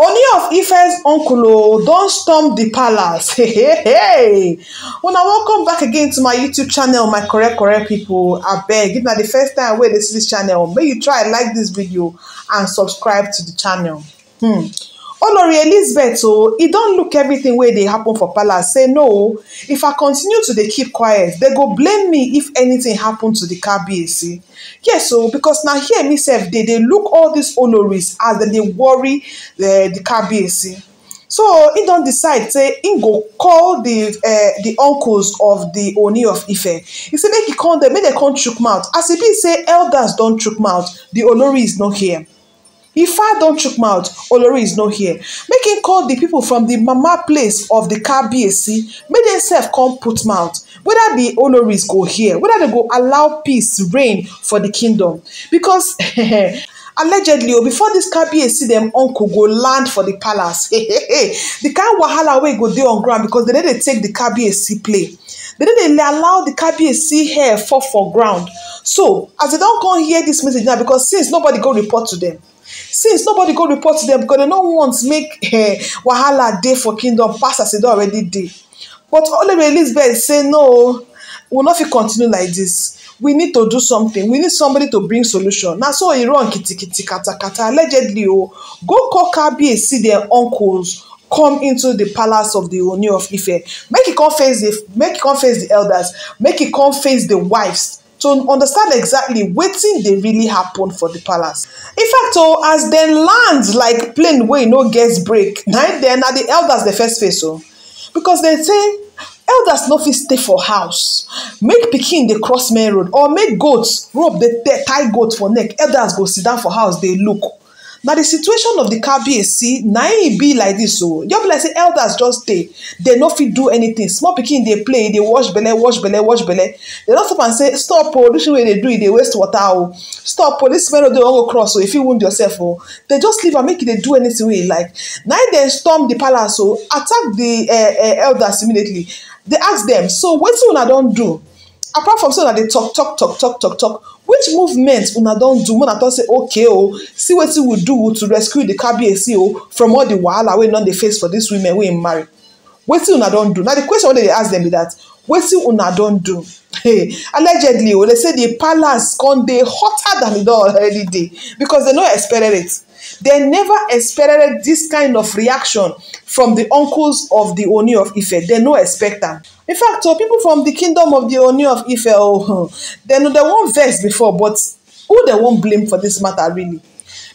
Oni of Ife's uncle don't storm the palace. Hey, hey, hey. Una welcome back again to my YouTube channel, my correct correct people. I beg, if na the first time where this is this channel, May you try like this video and subscribe to the channel. Hmm olori elizabeth o e don look everything wey dey happen for palace say no o if i continue to dey keep quiet dem go blame me if anything happen to di kabiyesi yes o because na here me sef dey dey look all these oloris as dem dey worry di eh, kabiyesi so he don decide say he go call eh, the uncles of the oni of ife e say make e call dem make dem come chook mouth as e be say elders don chook mouth the olori is not here Ifa don chook mouth, Olori is not here. Make him call the people from the mama place of the Kabiyesi, make dem come put mouth. Whether the Oloris go here, whether they go allow peace reign for the kingdom. Because allegedly o oh, before dis kabiyesi them uncle go land for the palace The hey hey wahala wey go dey on ground because they didn't take di kabiyesi play They didn't allow di kabiyesi hair fall for ground so as they don't come hear this message now because since nobody go report to them since nobody go report them, because dem no want make eh, wahala dey for kingdom pass as e don already dey but olori elizabeth say no we no fit continue like this. we need to do something we need somebody to bring solution na so e run kitikiti katakata allegedly o go call see their uncles come into the palace of the oni of ife make e come face the e elders make e come face di wives to understand exactly wetin they really happen for the palace in fact oh, as then land like plane wey e no get break then, are the elders the first face oh? because they say elders no fit stay for house make picking the cross main road or make goats rope the tie goat for neck elders go sit down for house They look na the situation of the kabiyesi na im e be like this, o oh. just be like say elders just dey dem no fit do anything small pikin dey play e dey wash belle wash belle wash belle dem don stop am say stop o oh, dis thing wey you dey do e dey waste water o oh. stop o dis road dey wan go cross o you fit wound yourself o dem just leave am make e dey do anything wey e like na im dem storm the palace o attack di eh, eh, elders immediately dey ask dem so wetin una don do apart from say una dey talk talk talk talk talk talk which movement una don do una talk say okay oh, see wetin we do to rescue di kabiyesi o from all the wahala wey don dey face for dis women wey im marry wetin una don do na the question wey dem dey ask dem be dat wetin una don do hey allegedly o oh, dey say the palace con dey hotter than e don already dey because dem no expected it dem never expected this kind of reaction from the uncles of the oni of ife dem no expect am in fact so oh, people from the kingdom of the oni of ife o oh, dem they won't vex before but who they won't blame for this matter really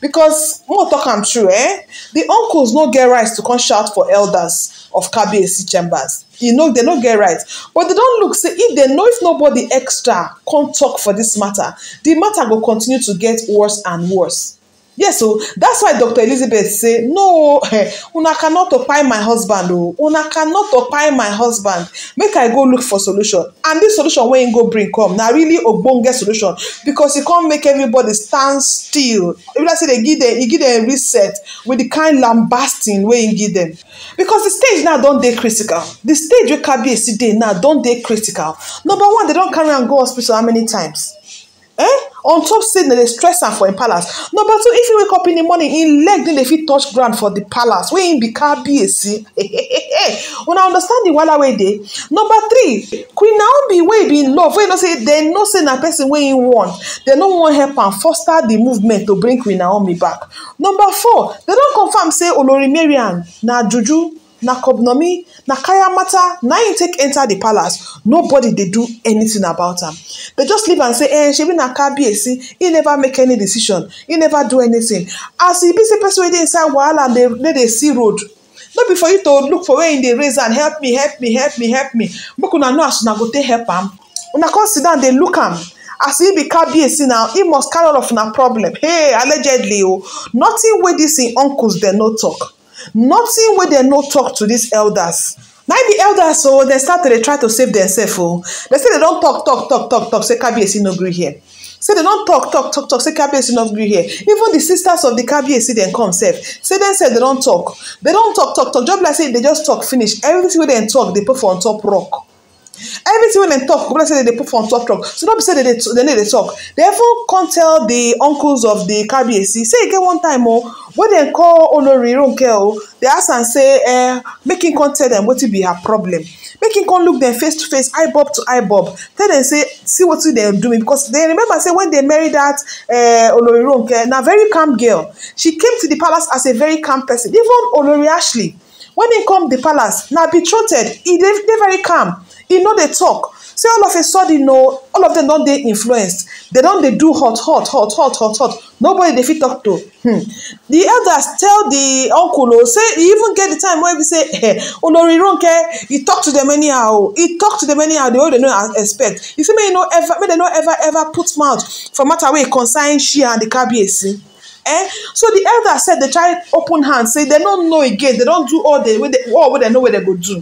because more talk am true eh the uncles no get rights to come shout for elders of kabiyesi chambers you know they no get rights, but they don't look say if they know if nobody extra can't talk for this matter The matter will continue to get worse and worse yes o that's why dr elizabeth say no una cannot occupy my husband o oh. una cannot occupy my husband make i go look for solution and this solution wey im go bring come na really ogbonge solution because e come make everybody stand still e be like say e give dem reset with the kind lambasting wey im give dem because the stage now don dey critical The stage wey kabiyesi dey now don dey critical number one dem don carry am go hospital how many times eh on top say that they stress and for im palace number two if you wake up in the morning in leg then they fit touch ground for the palace in wey im be when I understand the wahala wey e dey number three queen naomi wey be in love when I say dem no say na person wey im want dem no wan help and foster the movement to bring queen naomi back number four they don't confirm say olori Marian na juju na cognomi na kaya matter na im take enter the palace nobody dey do anything about am dem just leave am say eh shebi na kabiyesi e never make any decision e never do anything. as e be say person wey dey inside wahala no dey see road no be for you to look for where im dey raise hand help me help me help me help me make una know as una go take help am una come sit down dey look am as he be kabiyesi now he must carry all of una problem hey allegedly o nothing wey this. im uncles dem no talk nothing wey dem no talk to these elders na the elders o dem start to dey try to save themselves o dem say dem don talk talk talk talk talk say kabiyesi no gree hear say dem don talk talk talk talk say kabiyesi no gree hear even the sisters of the kabiyesi dem come sef say dem sef dem don talk dem don talk talk talk just like say dem just talk finish everything wey dem talk dey put for on top rock everything wey dem talk like say dem dey put for on top truck so no be say dem dey dey talk dem even come tell di uncles of di kabiyesi say e get one time o oh, wey dem call olori ronke o oh, dey ask am say eh make him come tell dem wetin be her problem make him come look dem face to face eye bob to eye bob tell dem say see wetin dem do me because dem remember say when dem marry dat eh, olori ronke na very calm girl she came to di palace as a very calm person even olori ashley when e come di palace na betrothed e dey very calm e no dey talk say all of a sudden no all of them don dey influenced They don dey do hot hot hot hot hot hot nobody dey fit talk to hmm. the elders tell the uncle o oh, say e even get the time wey be say eh olori ronke e talk to them anyhow o e talk to them anyhow the way they no expect you see make you no ever May they no ever ever put mouth for matter wey concern she and the kabiyesi. Eh? So the elder said they try open hand, say they don't know again, they don't do all the way they all what they know what they go do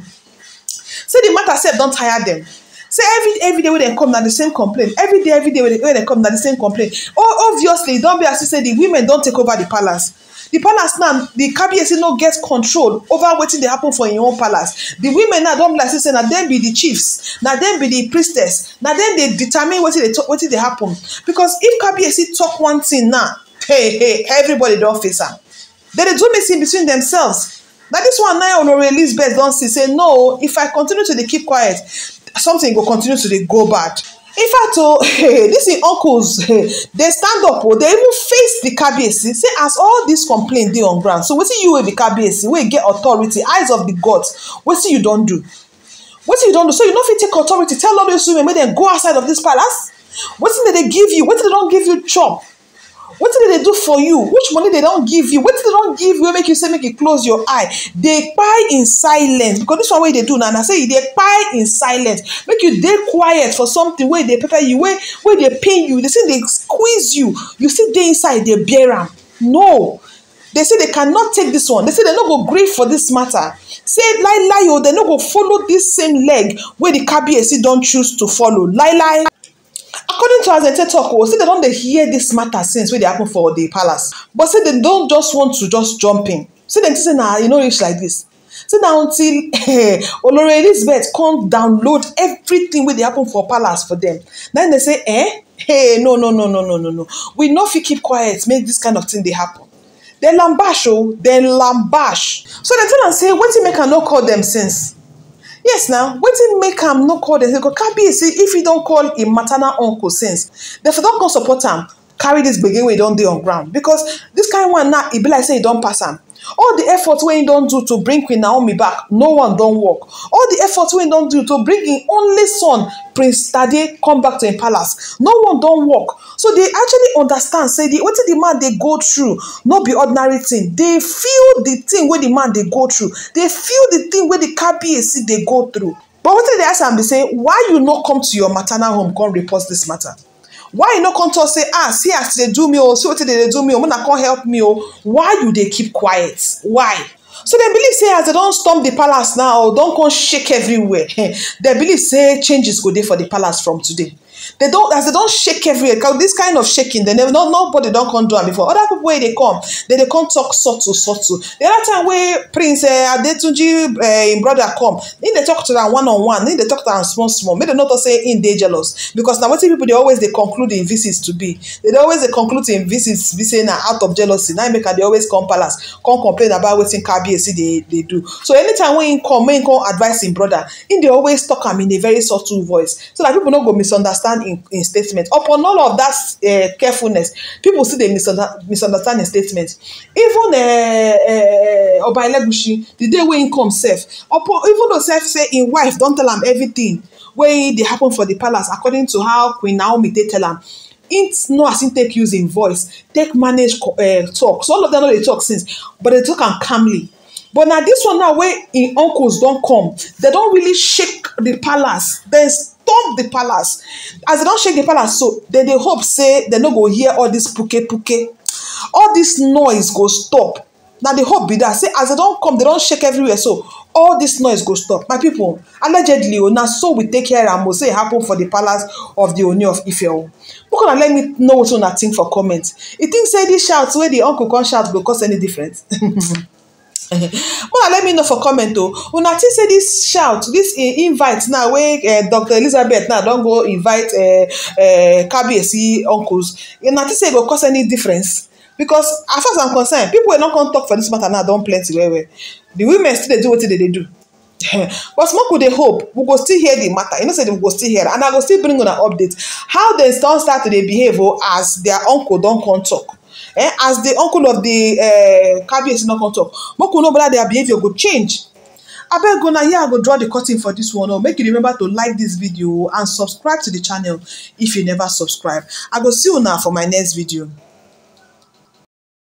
say the matter sef don tire dem say every every day wey dem come na the same complaint every day every day wey dem come na the same complaint o obviously e don be as if say the women don take over the palace the palace now the kabiyesi no get control over wetin dey happen for im own palace the women now don be like say say na dem be the chiefs na dem be the priestess na dem dey determine wetin dey wetin dey happen because if kabiyesi talk one thing now hey hey everybody don face am dem dey do meeting between themselves na this one now onore elizabeth don see say no if i continue to dey keep quiet something go continue to dey go bad in fact o oh, this, im uncles dey stand up o oh, dey even face the kabiyesi say as all dis complaint dey on ground so wetin you wey be kabiyesi wey get authority eyes of the gods wetin you don do wetin you don do so you no fit take authority tell all those women make dem go outside of this palace wetin dem dey give you wetin dem don give you chop wetin dey dey do for you which money dey don give you wetin dey don give you wey make you say make you close your eye dey kpai in silence because this one wey you dey do now. na say you dey kpai in silence make you dey quiet for something wey dey pepper you wey wey dey pain you the say dey squeeze you you still dey inside dey bear am no they say they cannot take this one they say they no go gree for this matter say lie, lie, o oh, they no go follow this same leg wey the kabiyesi don choose to follow Lie, lie according to as they talk. tok oh, o say dem don dey hear this matter since wey dey happen for the palace but say they don just want to just jump in say they think say na e no reach like this. say na until olori elizabeth come download everything wey dey happen for palace for them. Then they say eh hey no no no no no no no we no fit keep quiet make this kind of thing dey happen Then lambash oh, then lambash so they tell am say wetin make i no call them since yes na wetin make him no call dem say go kabiyesi if he don't call im maternal uncle since dem for don come support him. carry this gbege wey don't dey on ground because dis kain one now e be like say he don't pass him all the efforts wey im don do to bring queen naomi back no one don work all the efforts wey im don do to bring im only son prince tade come back to im palace no one don work so they actually understand say the what the man they go through no be ordinary thing. They feel the thing where the man they go through They feel the tin wey di kabiyesi they go through but what they ask am be say why you not come to your maternal home come report this matter why you no come talk say ah see as you do me oh. see wetin dey do me oh. o una come help me oh. why you dey keep quiet why so dem believe say as dem don storm di palace now don come shake everywhere dem believe say changes go dey for di palace from today They don't as they don't shake every account. this kind of shaking, they never no nobody don't come do it before. Other people where they come, they, they come talk subtle, subtle. The other time where Prince uh, Adetunji uh, eh, in brother come, then they talk to them one on one, then they talk to them small small. Maybe not to say in they jealous because now what people they always they conclude in visits to be. They always they conclude in visits be saying out of jealousy. Now make they always come palace, come complain about what in KBC they, they do. So anytime when come, when come advice in brother, in they always talk him in a very subtle voice so that people not go misunderstand misunderstand in, in statement upon all of that uh, carefulness people still dey misunderstand, misunderstand in statement even uh, uh, oba elegushi the day wey im come sef upon even though sef say im wife don tell am everything wey dey happen for di palace according to how queen naomi dey tell am im know as im take use im voice take manage uh, talk so all of them no dey talk since but dey talk am calmly but na this one now wey im uncles don come dem don really shake the palace dem storm the palace as they don shake the palace so dem dey hope say they no go hear all this puke puke all this noise go stop na di hope be that say as they don come they don shake everywhere so all this noise go stop my people, allegedly o oh, na so we take care am o oh, say happen for the palace of the oni of ife oh. o let me know wetin una think for comment you think say dis shout where the uncle can shout go cause any difference una let me know for comment o una think say this shout this invite now wey eh, dr elizabeth now don go invite eh, eh, kabiyesi uncles una think say e go cause any difference because as far as i'm concerned pipo wey no come talk for this matter now don plenty well well the women still dey do wetin they dey do but smoke we dey hope we go still hear the matter you know say we go still hear and i go still bring una update how dem don start to dey behave oh, as their uncle don come talk eh, as the uncle of the uh, cabbiecy no come talk make we know whether their behavior go change abeg una here i go draw the curtain for this one Oh, make you remember to like this video and subscribe to the channel if you never subscribe i go see una for my next video.